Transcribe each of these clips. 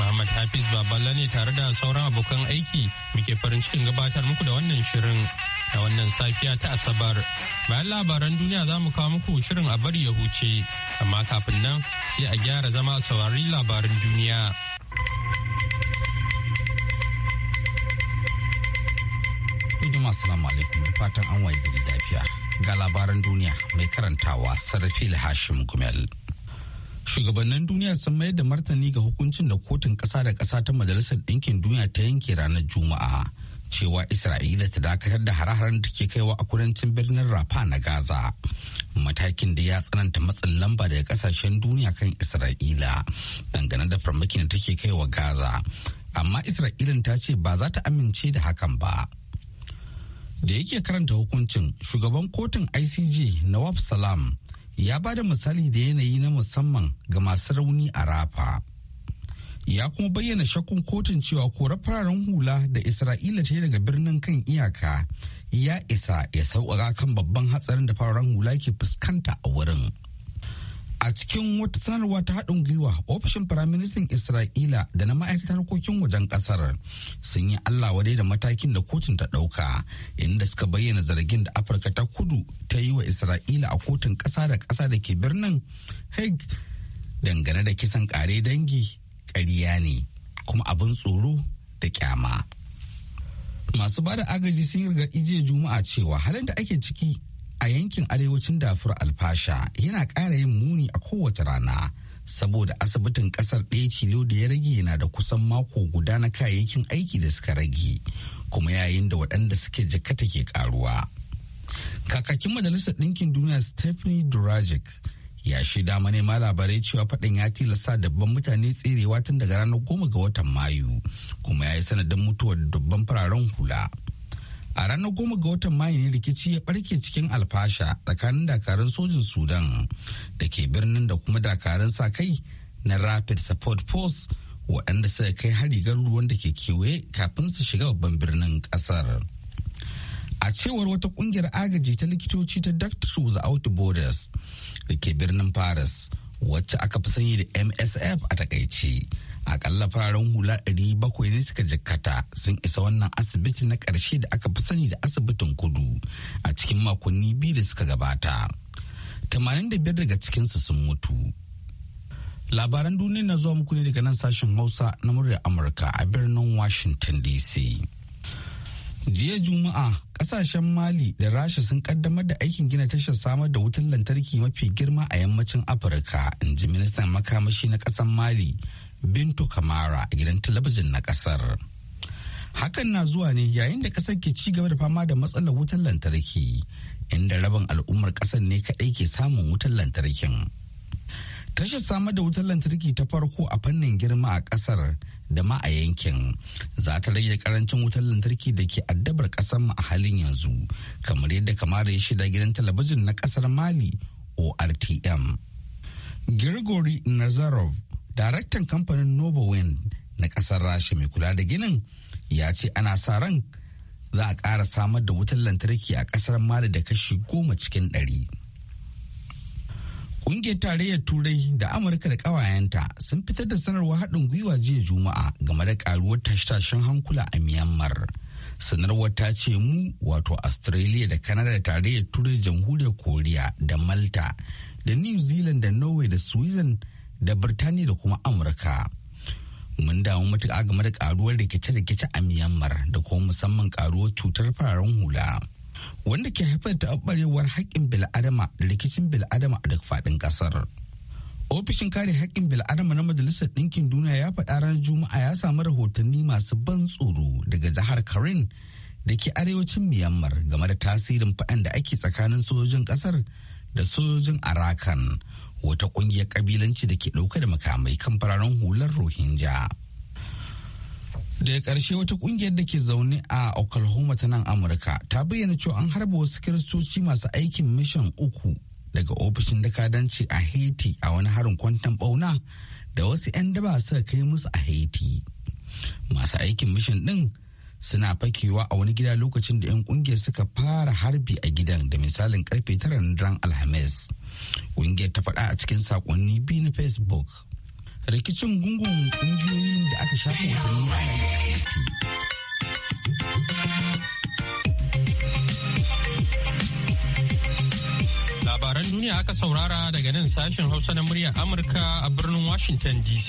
Muhammad Hafiz Baballa ne tare da sauran abokan aiki muke farin cikin gabatar muku da wannan shirin da wannan safiya ta Asabar. Bayan labaran duniya za mu kawo muku shirin a bari ya huce, amma kafin nan sai a gyara zama saurari labaran duniya. Jama'a salamu alaikum da fatan an waye gari lafiya. Ga labaran duniya mai karantawa Sarrafi Hashim Gumel. shugabannin duniya sun mayar da martani ga hukuncin da kotun ƙasa da ƙasa ta majalisar ɗinkin duniya ta yanke ranar juma'a cewa isra'ila ta dakatar da hare-haren da ke kaiwa a kudancin birnin rafa na gaza matakin da ya tsananta matsin lamba daga kasashen duniya kan isra'ila dangane da farmakin da take kaiwa gaza amma isra'ilin ta ce ba za ta amince da hakan ba da yake karanta hukuncin shugaban kotun icj nawab salam ya ba da misali da yanayi na musamman ga masu rauni a rafa ya kuma bayyana shakkun kotun cewa korar fararen hula da isra'ila ta yi daga birnin kan iyaka ya isa ya sauƙaƙa kan babban hatsarin da fararen hula ke fuskanta a wurin. A cikin wata sanarwa ta haɗin gwiwa, ofishin Firaministan Isra'ila da na ma'aikatar harkokin wajen ƙasar sun yi Allah wadai da matakin da kotun ta ɗauka, inda suka bayyana zargin da Afirka ta kudu ta yi wa Isra'ila a kotun ƙasa da ƙasa da ke birnin Hague dangane da kisan ƙare dangi ƙarya ne, kuma abin tsoro da kyama. Masu bada agaji sun yi jiya Juma'a cewa halin da ake ciki a yankin arewacin dafur alfasha yana ƙara yin muni a kowace rana saboda asibitin ƙasar ɗaya tilo da ya rage yana da kusan mako guda na kayayyakin aiki da suka rage kuma yayin da waɗanda suke jakata ke ƙaruwa. kakakin majalisar ɗinkin duniya stephanie durajic ya shaida manema labarai cewa faɗin ya tilasta dabban mutane tserewa tun daga ranar goma ga watan mayu kuma ya yi sanadin mutuwar dubban fararen hula a ranar goma ga watan mayu ne rikici ya barke cikin alfasha tsakanin dakarun sojin sudan da ke birnin da kuma dakarun sa kai na rapid support force waɗanda suka kai hari garuruwan da ke kewaye kafin su shiga babban birnin ƙasar a cewar wata ƙungiyar agaji ta likitoci ta doctors without borders da ke birnin paris wacce aka fi sanyi da msf a takaici akalla fararen hula 700 ne suka jikkata sun isa wannan asibiti na ƙarshe da aka fi sani da asibitin kudu a cikin makonni biyu da suka gabata 85 daga cikinsu sun mutu labaran duniya na zuwa muku ne daga nan sashen hausa na muryar amurka a birnin washington dc jiya juma'a kasashen mali da rasha sun kaddamar da aikin gina tashar samar da wutar lantarki mafi girma a yammacin afirka in ji ministan makamashi na ƙasar mali Bintu Kamara a gidan talabijin na kasar. Hakan na zuwa ne yayin da kasar ke ci gaba da fama da matsalar wutar lantarki inda rabin al'ummar kasar ne kaɗai ke samun wutar lantarkin. Tashar samar da wutar lantarki ta farko a fannin girma a kasar da ma a yankin za ta rage karancin wutar lantarki da ke addabar kasar mu a halin yanzu kamar yadda Kamara ya shida gidan talabijin na kasar Mali ORTM. Gregory Nazarov daraktan kamfanin Wind na kasar rasha mai kula da ginin ya ce ana sa ran za a ƙara samar da wutar lantarki a kasar mali da kashi goma cikin ɗari. Ƙungiyar tarayyar Turai da Amurka da ƙawayenta sun fitar da sanarwar haɗin gwiwa jiya Juma'a game da ƙaruwar tashe-tashen hankula a Myanmar. Sanarwar ta ce mu wato Australia da Canada da tarayyar Turai jamhuriyar Koriya da Malta da New Zealand da Norway da Sweden da birtaniya da kuma amurka mun damu matuƙa game da karuwar rikice-rikice a myanmar da kuma musamman karuwar cutar fararen hula wanda ke haifar da taɓarewar haƙƙin bil'adama da rikicin bil'adama a duk faɗin ƙasar ofishin kare haƙƙin bil'adama na majalisar ɗinkin duniya ya faɗa ranar juma'a ya samu rahotanni masu ban tsoro daga jihar karin da ke arewacin myanmar game da tasirin faɗan da ake tsakanin sojojin ƙasar da sojojin arakan wata kungiyar kabilanci da ke ɗauka da makamai kan fararen hular rohingya daga ƙarshe wata kungiyar da ke zaune a oklahoma ta nan amurka ta bayyana cewa an harba wasu kiristoci masu aikin mishan uku daga ofishin dakadanci a haiti a wani harin kwantan bauna da wasu 'yan daba suka kai musu a haiti masu aikin mishan ɗin suna fakewa a wani gida lokacin da 'yan kungiyar suka fara harbi a gidan da misalin karfe tara na daren alhamis kungiyar ta faɗa a cikin sakonni biyu na facebook rikicin gungun kungiyoyin da aka shafi watanni a labaran duniya aka saurara daga nan sashen hausa na muryar amurka a birnin washington dc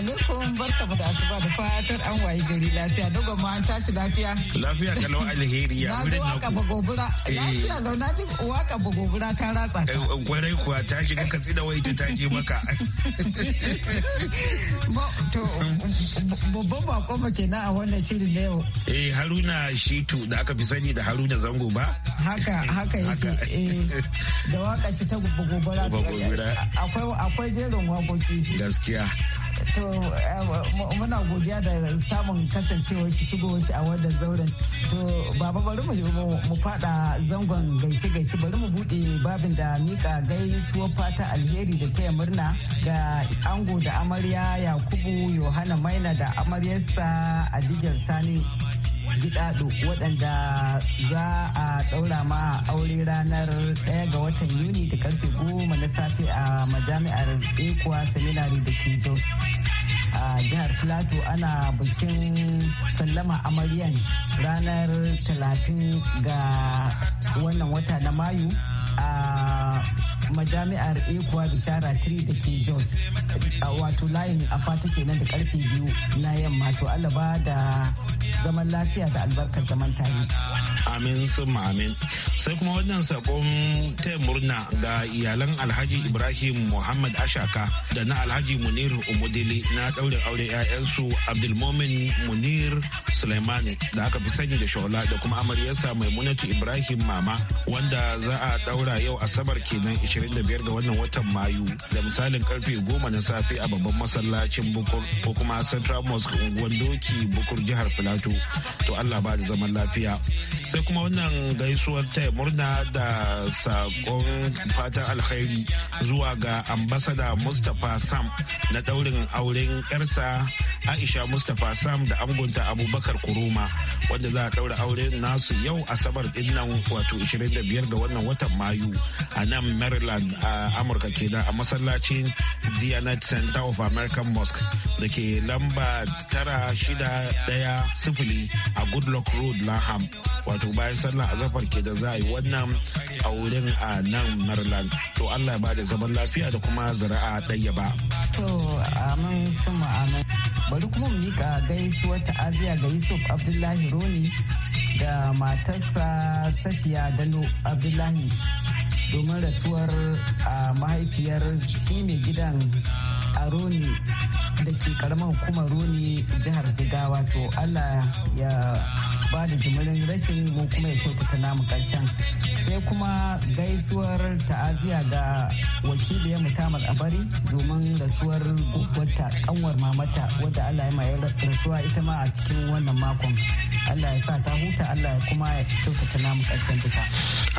alaikum barkamu da asuba da fatar an waye gari lafiya dogon ma an tashi lafiya. Lafiya kalau alheri ya wurin na ku. bagobura. Lafiya da na ji waka eh. bagobura ta ratsa. Gwarai eh, kuwa ta ka katsi da wai ta ji maka. To babban bako mace na a wannan shirin na yau. Eh Haruna Shitu da aka fi sani da Haruna Zango ba? Haka haka yake. Eh. Da waka shi ta bagobura. akwai Akwai jerin wakoki. Gaskiya. Eh, muna godiya da samun kasancewa shi shigo shi a wannan zauren to baba bari mu fada zangon gaishe gaishe bari mu bude babin da mika gaisuwar fata alheri da taya murna ga ango da amarya yakubu yohana maina da amaryarsa a adijar sani gidado waɗanda za a ɗaura ma aure ranar ɗaya ga watan yuni da karfe goma na safe a majami'ar ekuwa seminari da ke jos a jihar plateau ana bikin sallama amaryan ranar 30 ga wannan wata na mayu a majami'ar ekuwa bishara 3 da ke jos wato layin a fata nan da karfe biyu na yamma to alaba da zaman lafiya da albarkar zaman tare. Amin sun amin. Sai kuma wannan sakon ta murna ga iyalan Alhaji Ibrahim Muhammad Ashaka da na Alhaji Munir Umudili na ɗaurin aure 'ya'yansu Abdulmomin Munir Sulaimani da aka fi sani da Shola da kuma amaryarsa Maimunatu Ibrahim Mama wanda za a ɗaura yau Asabar kenan 25 ga wannan watan Mayu da misalin karfe 10 na safe a babban masallacin Bukur ko kuma Central Mosque unguwan Doki Bukur jihar Filato. mutu to Allah ba da zaman lafiya sai kuma wannan gaisuwar ta murna da sakon fatan alkhairi zuwa ga ambasada mustapha sam na daurin auren yarsa aisha mustapha sam da angonta abubakar kuruma wanda za a ɗaura aure nasu yau asabar din nan wato 25 ga wannan watan mayu a nan maryland a amurka kenan a masallacin dianat center of american mosque da ke lamba tara shida daya sifili a goodluck road laham wato bayan sallah azafar ke da za a yi wannan auren a nan maryland to allah ba da zaman lafiya da kuma zara'a ɗaya ba to amin amin bari kuma mu mika gaisuwar ta'aziyya ga yusuf abdullahi roni da matarsa safiya dalo abdullahi domin rasuwar a mahaifiyar shi mai gidan a roni da ke karamar hukumar roni jihar jigawa to allah ya ba da jimirin rashin mu kuma ya kyautata namu karshen sai kuma gaisuwar ta'aziya ga wakiliyar mutamar abari domin rasuwar wata kanwar mamata wadda allah ya mai rasuwa ita ma a cikin wannan makon allah ya sa ta huta allah ya kuma ya kyautata namu karshen duka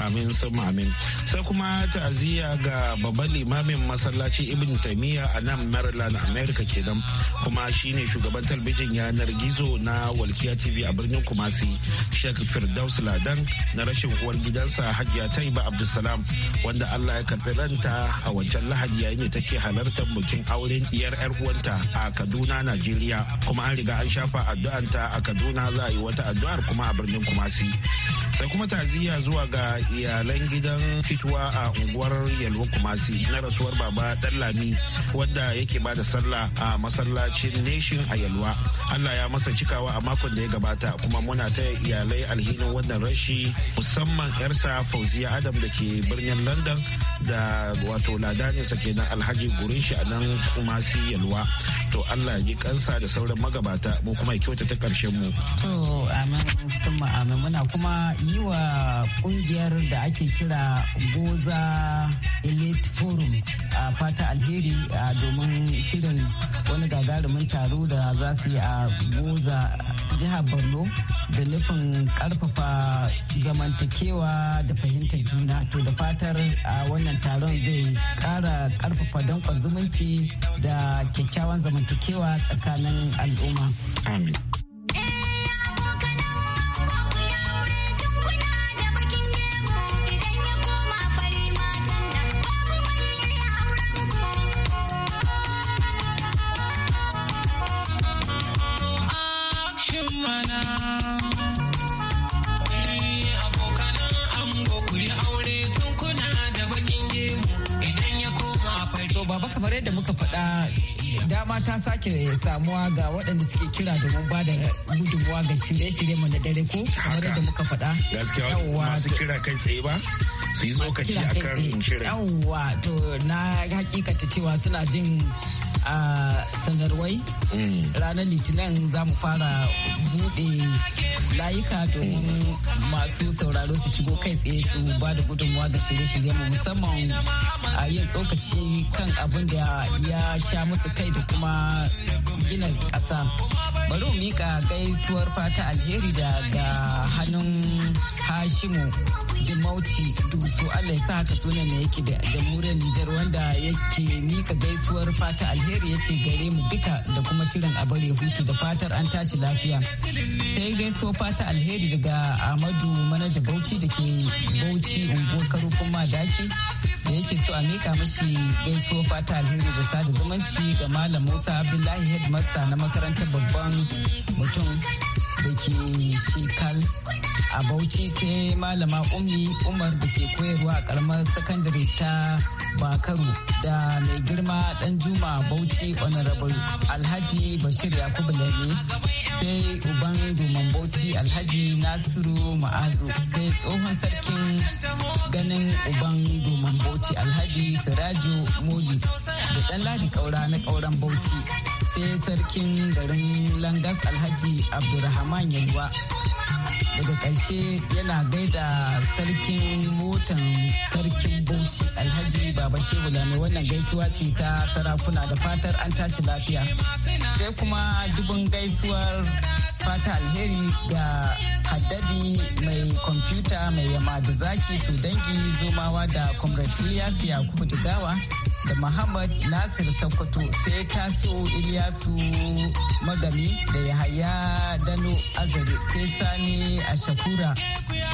amin sun amin sai kuma ta'aziyya ga babban limamin masallaci ibn taimiyya a nan maryland america kenan kuma shine shugaban talbijin yanar gizo na walkiya tv a birnin kumasi APC Sheikh Firdaus Ladan na rashin uwar gidansa Hajiya Taiba Abdulsalam wanda Allah ya karɓi ranta a wancan lahadi yayin da take halartar bikin auren diyar yar uwanta a Kaduna Najeriya kuma an riga an shafa addu'anta a Kaduna za a yi wata addu'ar kuma a birnin Kumasi. sai kuma taziya zuwa ga iyalan gidan fituwa a unguwar yalwa kumasi na rasuwar baba dallami wanda yake ba da sallah a masallacin nation a yalwa allah ya masa cikawa a makon da ya gabata kuma muna taya iyalai alhinin wannan rashi musamman 'yarsa fauziya adam da ke birnin london da wato ladaninsa kenan alhaji gurin shi a nan kuma kumasi yalwa to allah ya ji kansa da sauran magabata mu kuma kyauta ta karshen mu to amin kuma amin muna kuma yi wa kungiyar da ake kira goza elite forum a fata alheri a domin shirin wani gagarumin taro da za su yi a goza jihar borno da nufin karfafa zamantakewa da fahimtar juna to da fatar a wannan wannan taron zai kara karfafa dankon zumunci da kyakkyawan zamantakewa tsakanin al'umma. Amin. dama ta sake samuwa ga waɗanda suke kira domin ba da gudunmuwa ga shirye-shirye mu na dare ko kamar da muka faɗa. Gaskiya masu kira kai tsaye ba su yi tsokaci kan shirin. Yawwa to na hakikata cewa suna jin a sanarwai mm. ranar litinin za mu fara buɗe layuka domin masu sauraro su shigo kai tsaye su ba da gudunmuwa ga shirye-shiryen mu musamman a yin tsokaci kan abin da ya sha musu kai da kuma gina ƙasa. Bari mu mika gaisuwar fata alheri daga hannun Hashimu Dimauti Dusu Allah ya sa haka sunan ne yake da jamhuriyar Nijar wanda yake mika gaisuwar fata alheri ya ce gare mu duka da kuma shirin a bari hutu da fatar an tashi lafiya. Sai gaisuwar fata alheri daga Ahmadu manaja Bauchi da ke Bauchi unguwar karufin madaki da yake so a mika mashi gaisuwa fata alheri da sada zumunci ga Malam Musa Abdullahi headmaster na makarantar babban mutum da ke shikal a bauchi sai malama ummi umar da ke koyarwa a karamar sakandare ta bakaru da mai girma dan juma bauchi honorable alhaji bashir yakubu lami sai uban duman bauchi alhaji nasiru ma'azu sai tsohon sarkin ganin uban duman bauchi alhaji sirajo moli da dan ladi kaura na kauran bauchi sai sarkin garin langas alhaji abdulrahman yalwa daga ƙarshe yana gaida sarkin motan sarkin bauchi alhaji baba shehu lami wannan gaisuwa ce ta sarakuna da fatar an tashi lafiya sai kuma dubin gaisuwar fata alheri ga haddabi mai kwamfuta mai yama da zaki su dangi zomawa da comrade ilyas yakubu gawa da Muhammad Nasir Sokoto sai taso Iliyasu Magami da Yahaya Dano Azare sai Sani Ashakura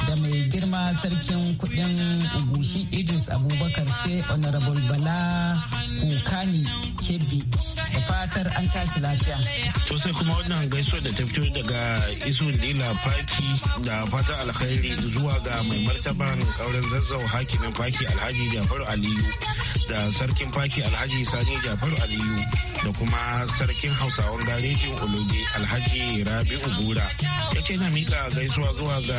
da mai girma sarkin kudin Ugushi Idris Abubakar sai Honorable Bala Kokani Kebbi da fatar an tashi lafiya. To sai kuma wannan gaisuwa da ta fito daga Isu Dila Faki da fata alkhairi zuwa ga mai martaban kauren zazzau hakimin Faki Alhaji Jafaru Aliyu da sarki sarkin faki alhaji sani jafaru aliyu da kuma sarkin hausawan garejin Olude alhaji rabi'u bura ya ce na mika gaisuwa zuwa ga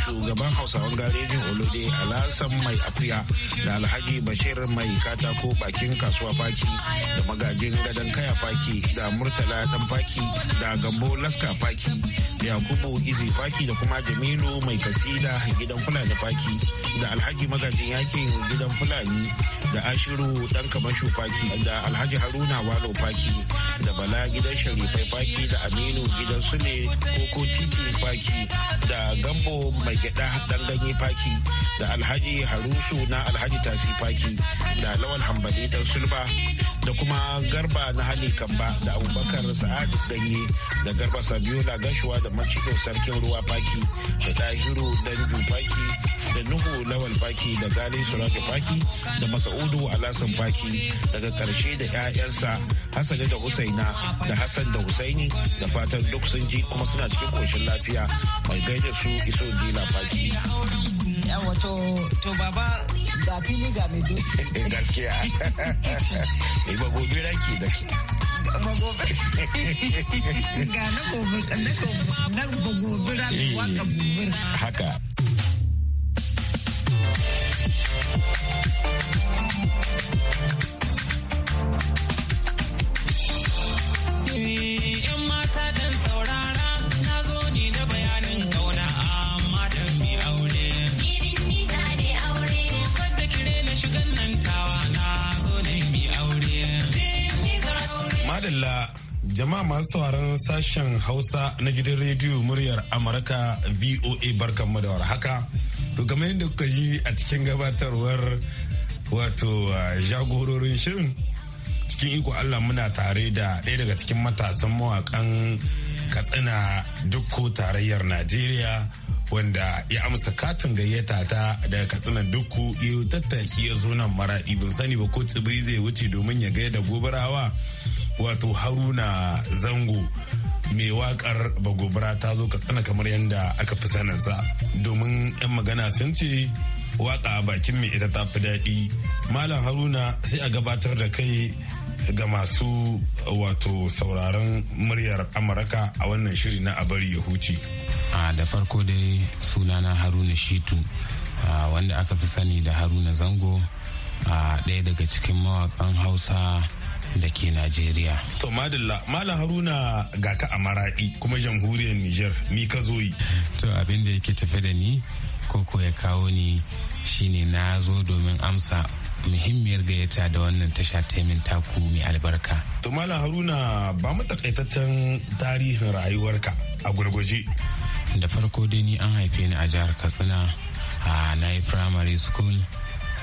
shugaban hausawan garejin ologe alhassan mai afiya da alhaji bashir mai katako bakin kasuwa faki da magajin gadon kaya faki da murtala dan faki da gambo laska faki da yakubu izi faki da kuma jamilu mai kasida gidan fulani faki da alhaji magajin yakin gidan fulani da ashiru dan kamar shufaki da alhaji haruna walo faki da bala gidan sharifai faki da aminu gidan su ne koko titi faki da gambo mai gyada dan ganye faki da alhaji harusu na alhaji tasi faki da lawal hambali dan sulba da kuma garba na hali kamba da abubakar sa'ad ganye da garba sabiola gashuwa da macido sarkin ruwa faki da tahiru dan faki nuhu lawal faki da gale suratu faki da masa'udu alasan faki daga karshe da 'ya'yansa hassan da husaina da hassan da husaini da fatan duk sun ji kuma suna cikin koshin lafiya mai gaida su iso dila faki yawa to baba ga fili ga mai gaskiya ba gobe da magobe ga na gobe na gobe eh, haka Madalla jama'a masu sauraron sashen Hausa na gidan rediyo muryar Amurka VOA barkanmu da warhaka. haka. to kamar yadda kuka ji a cikin gabatarwar wato jagororin shirin cikin iko Allah muna tare da ɗaya daga cikin matasan mawakan katsina dukko tarayyar Najeriya wanda ya amsa katin gayyata ta daga katsina dukku ya tattaki ya zo nan maraɗi bin sani ba ko tsibiri zai wuce domin ya gaya da gobarawa wato haruna zango mai wakar bagobara ta zo ka tsana kamar yadda aka fi sanarsa domin 'yan magana sun ce waka a bakin mai ita ta fi daɗi malam haruna sai a gabatar da kai ga masu wato sauraron muryar amurka a wannan shiri na abari ya huce a da farko dai sunana haruna shitu wanda aka fi sani da haruna zango a ɗaya daga cikin mawakan hausa da ke Najeriya. To Madalla, Malam Haruna ga ka a maraɗi kuma jamhuriyar Nijar, ni ka zo yi. To abin da yake tafi da ni, koko ya kawo ni shine na zo domin amsa muhimmiyar gayyata da wannan tasha taimin taku mai albarka. To Malam Haruna ba mu takaitaccen tarihin rayuwarka a gurguje. Da farko dai ni an haife ni a jihar Katsina, na yi primary school,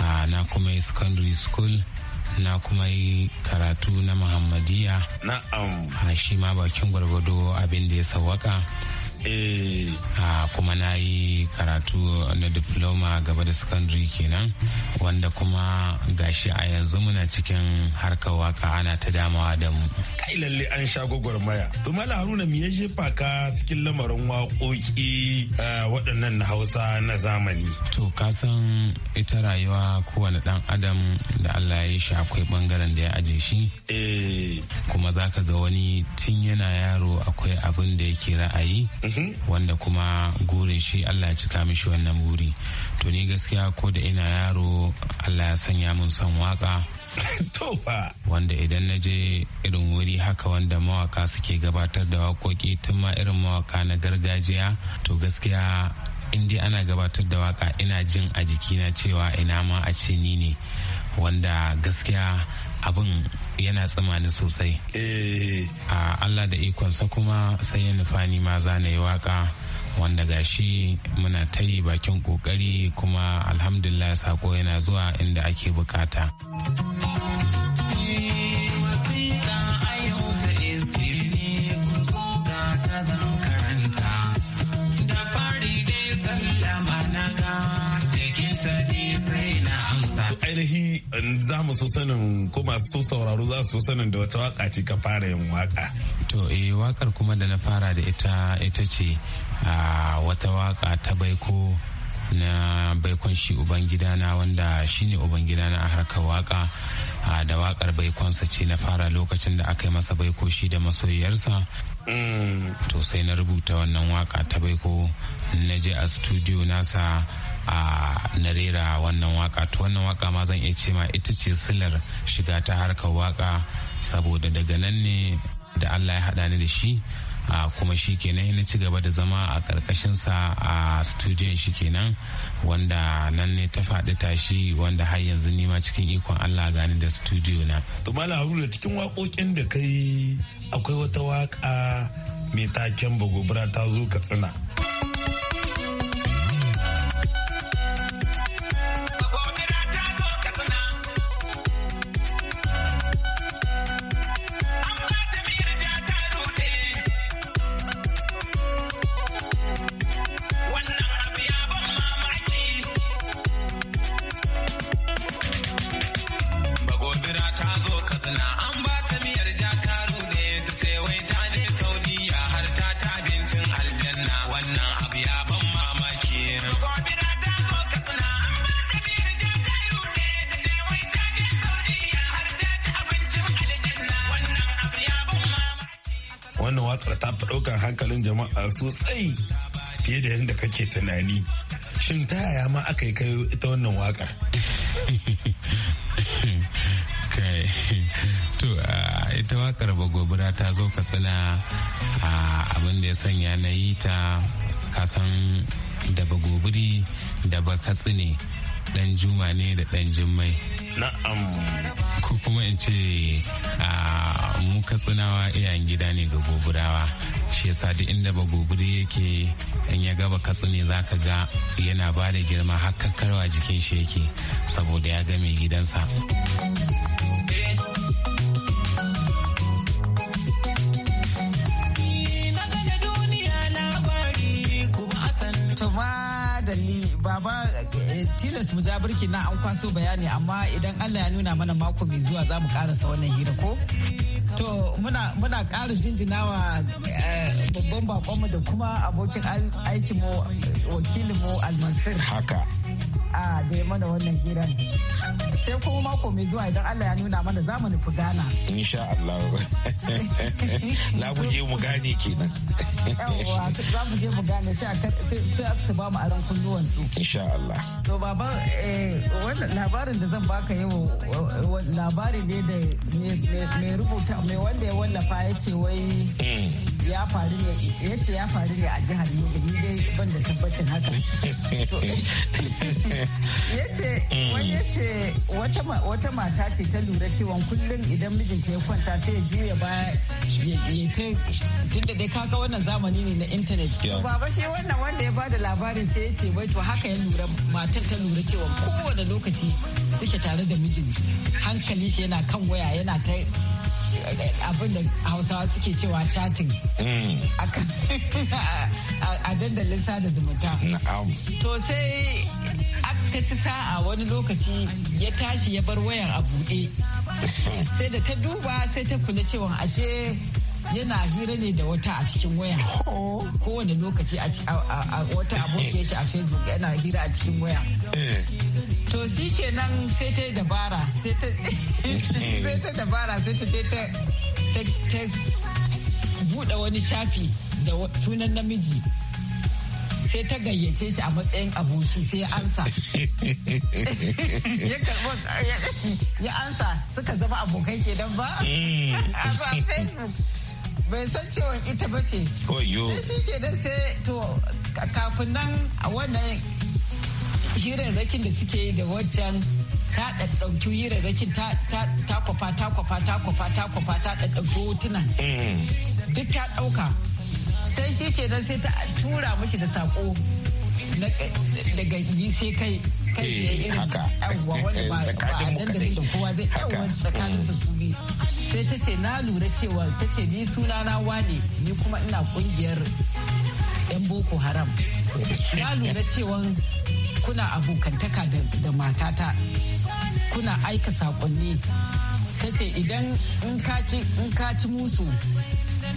na kuma yi secondary school. na kuma yi karatu na muhammadiya na'am shi ma bakin gwargwado abin da ya sawaka eh kuma na yi karatu na diploma gaba da secondary kenan wanda kuma gashi a yanzu muna cikin harkar waka ana ta damawa da mu kai lalle an sha gwagwarmaya to mala haruna me ya jefa ka cikin lamarin waƙoƙi waɗannan na hausa na zamani to ka san ita rayuwa kowane ɗan adam da allah ya yi shi akwai ɓangaren da ya aje shi eh. kuma za ka ga wani tun yana yaro akwai abin da yake ra'ayi mhm. wanda kuma gurin shi Allah ya cika mishi wannan buri to ni gaskiya ko da ina yaro Allah ya sanya mun son waka wanda idan na je irin wuri haka wanda mawaka suke gabatar da waƙoƙi tun ma irin mawaka na gargajiya to gaskiya in dai ana gabatar da waka ina jin a jikina cewa ina ma a ce ni ne wanda gaskiya abin yana tsammani sosai eh. a allah da ikonsa kuma sai ya nufa ni ma za na yi waka wanda gashi muna ta yi bakin kokari kuma alhamdulillah sako yana zuwa inda ake bukata. ainihi za mu so sanin ko masu so sauraro za su so sanin da wata waka ce ka fara yin waka. To eh wakar kuma da na fara da ita ita ce wata waka ta baiko na baikon shi ubangidana wanda shine ubangidana a harkar waka da wakar baikonsa ce na fara lokacin da aka yi masa baiko shi da masoyiyarsa mm. to sai na rubuta wannan waka ta baiko na je a studio nasa a na rera wannan waka to wannan waka ma zan iya ce ma ita ce silar shiga ta harkar waka saboda daga nan ne da allah ya haɗa ni da shi a kuma shi kenan na ci gaba da zama a sa a studio studiyon shi kenan wanda nan ne ta faɗi tashi wanda har yanzu ni ma cikin ikon Allah gani da studio na. Tumala Haruna cikin waƙoƙin da kai akwai wata waƙa mai taken bagobura ta zo katsina hijira ta zo katsina abin da ya sanya na yi ta kasan da ba gobiri da ba katsine dan juma ne da dan jimmai na'am ko kuma in ce mu katsinawa iyayen gida ne ga goburawa shi yasa duk inda ba goburi yake in ya gaba katsine za ka ga yana ba da girma har jikin shi yake saboda ya ga mai gidansa ba tilas mu ja na an kwaso bayani amma idan Allah ya nuna mana mako mai zuwa za mu karasa wannan hira ko? To muna muna ƙara jinjinawa eh, babban bakonmu da kuma abokin aikinmu wakilinmu almansir. Haka. a da ya mana wannan hirar sai kuma mako mai zuwa idan Allah ya nuna mana za mu nufi Ghana insha Allah na mu je mu gane kenan yawa za mu je mu gane sai a ba mu aron kunnuwan su insha Allah to baba eh, wannan labarin da zan baka yau labari ne da mai rubuta mai wanda ya wallafa ya ce wai hmm. ya faru ne ya ce ya faru ne a jihar Yobe ni dai ban da tabbacin haka ya ce wani ya ce wata mata ce ta lura cewa kullum idan mijinta ya kwanta sai ya juya baya ya ta tunda dai kaga wannan zamani ne na intanet baba shi wannan wanda ya bada labarin sai ya ce wai to haka ya lura matar ta lura cewa kowane lokaci suke tare da mijin hankali shi yana kan waya yana ta abin da hausawa suke cewa chatting hmm. a dandalin sada zumunta to sai aka ci sa'a wani lokaci ya tashi ya bar wayar a buɗe sai da ta duba sai ta kula cewa ashe yana hira ne da wata a cikin waya kowane lokaci a wata abokiyar shi a facebook yana hira a cikin waya to shi kenan sai ta yi dabara sai ta dabara sai ta ta buɗe wani shafi da sunan namiji sai ta gayyace shi a matsayin aboki sai ya ansa ya ansa suka zama abokai ke dan ba mm. a facebook bai san cewa ita ba ce. Koyo. Sai shi ke nan sai to kafin nan a wannan rakin da suke yi da wancan ta ɗaɗɗauki rakin ta kwafa ta kwafa ta kwafa ta kwafa ta ɗaɗɗauki hotuna. Mm. Duk ta ɗauka. Sai shi ke nan sai ta tura mashi da saƙo. daga ni sai kai kai eh, ya irin haka wani ba eh, a dandalin kowa zai yawa tsakanin su su bi sai ta ce na lura cewa ta ce ni sunana wane ni kuma ina kungiyar yan boko haram na lura cewa kuna abokantaka da matata kuna aika sakonni ta ce idan in kaci musu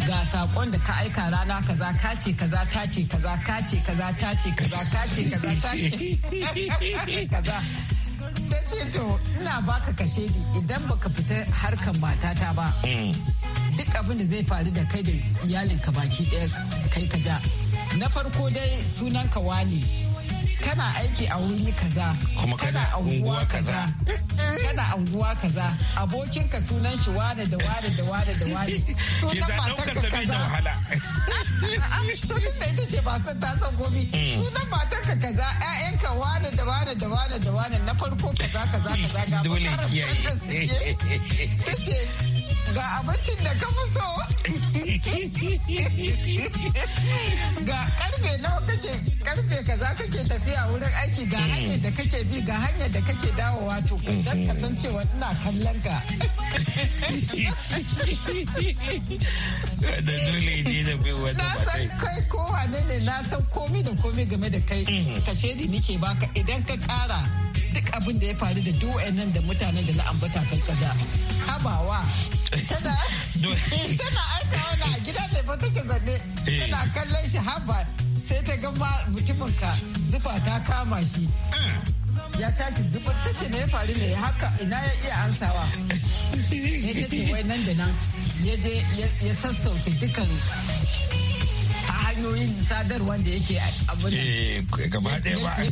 ga sakon da ka aika rana kaza ka ce kaza ta ce kaza ka ce kaza ta ce kaza ka ce kaza ta ce kaza da ce to ina baka kashe ni idan baka fita harkan matata ba mm. duk abin da zai faru da kai da iyalinka baki ɗaya kai ka ja na farko dai sunanka wani kana aiki a wuri kaza kuma kana unguwa kaza kana unguwa kaza abokin ka sunan shi wane da wane da wane da wane ke za ka ta bai da wahala to tun da ita ce ba san ta san gobi hmm. sunan matar ka kaza ƴaƴan ka wane da wane da wane da wane na farko kaza kaza kaza ga dole kiyaye ce. ga abincin da ka fi so ga karfe nawa kake karfe kaza kake tafiya wurin aiki ga hanyar da kake bi ga hanyar da kake dawowa to dan ka san cewa ina kallon ka da dole ne da bai na san kai kowa ne na san komi da komi game da kai mm. kashe nike baka idan ka kara duk abin da ya faru da duk nan da mutanen da na ambata kan kaza habawa tana aika wani a gida ne ba take zanne eh. tana kallon shi haba sai ta gama mutumin ka zufa ta kama shi eh. ya tashi zubar ta ce me ya faru ne haka ina ya iya ansawa ya ce wai nan da nan ya je ya sassauta dukan hanyoyin sadarwa da yake abin eh, Gama ɗaya ba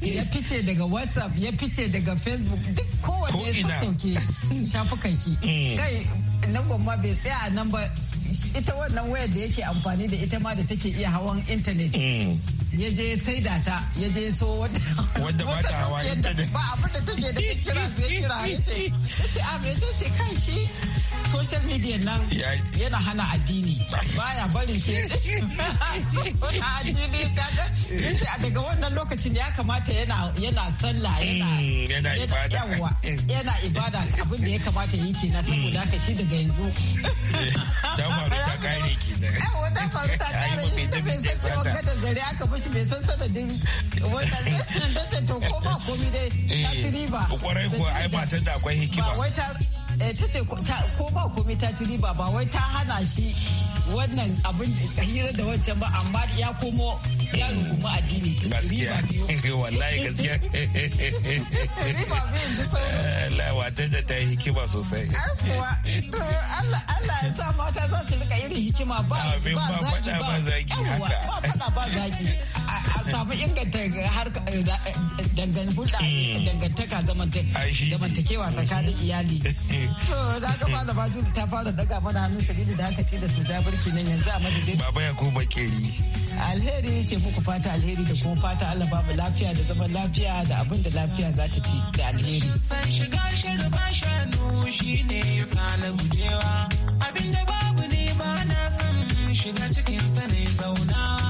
ya fice daga whatsapp ya fice daga facebook duk kowane ya sauke shafukan shi hmm. kai nan gwamma bai tsaya a nan ba ita wannan waya da yake amfani da ita ma da take iya hawan intanet hmm. ya je sai da ta ya je so wadda ba ta hawa intanet ba abin da take da kira ya kira ya ce ya ce a ah, ce kai shi social media nan yana hana addini baya bari shi addini kaga yace a daga wannan lokacin ya kamata yana yana sallah mm, yana ibada mm. yana ibada abin da ya kamata yi kenan saboda haka shi daga yanzu eh, ta ta kare kenan eh wanda faru ta kare shi da bai san cewa kada aka bai san sanadin wannan da ta to ko ba komai dai ta riba eh, ko ai ba ta da akwai hikima Eh, ta ce ko ba komai ta ci riba ba wai ta hana shi wannan abin hira da wancan ba amma ya komo gado kuma addini gaskiya wallahi gaskiya lawata da ta yi hikima sosai Allah ya sa mata za su rika irin hikima ba zaki ba zaki ba fada ba zaki a samu inganta harka eh, eh, hmm. dangantaka zamantakewa tsakanin iyali to da ka fara ba ta fara daga mana hannun sabili da aka ce da su ta burki nan yanzu a madadin baba ya ko bakeri alheri yake muku fata alheri da kuma fata Allah babu lafiya da zaman lafiya da abin da lafiya za ta ci da alheri. san Shiga shirin ba shanu shi ne na gujewa abin da babu ne ba na son shiga cikin sa zaunawa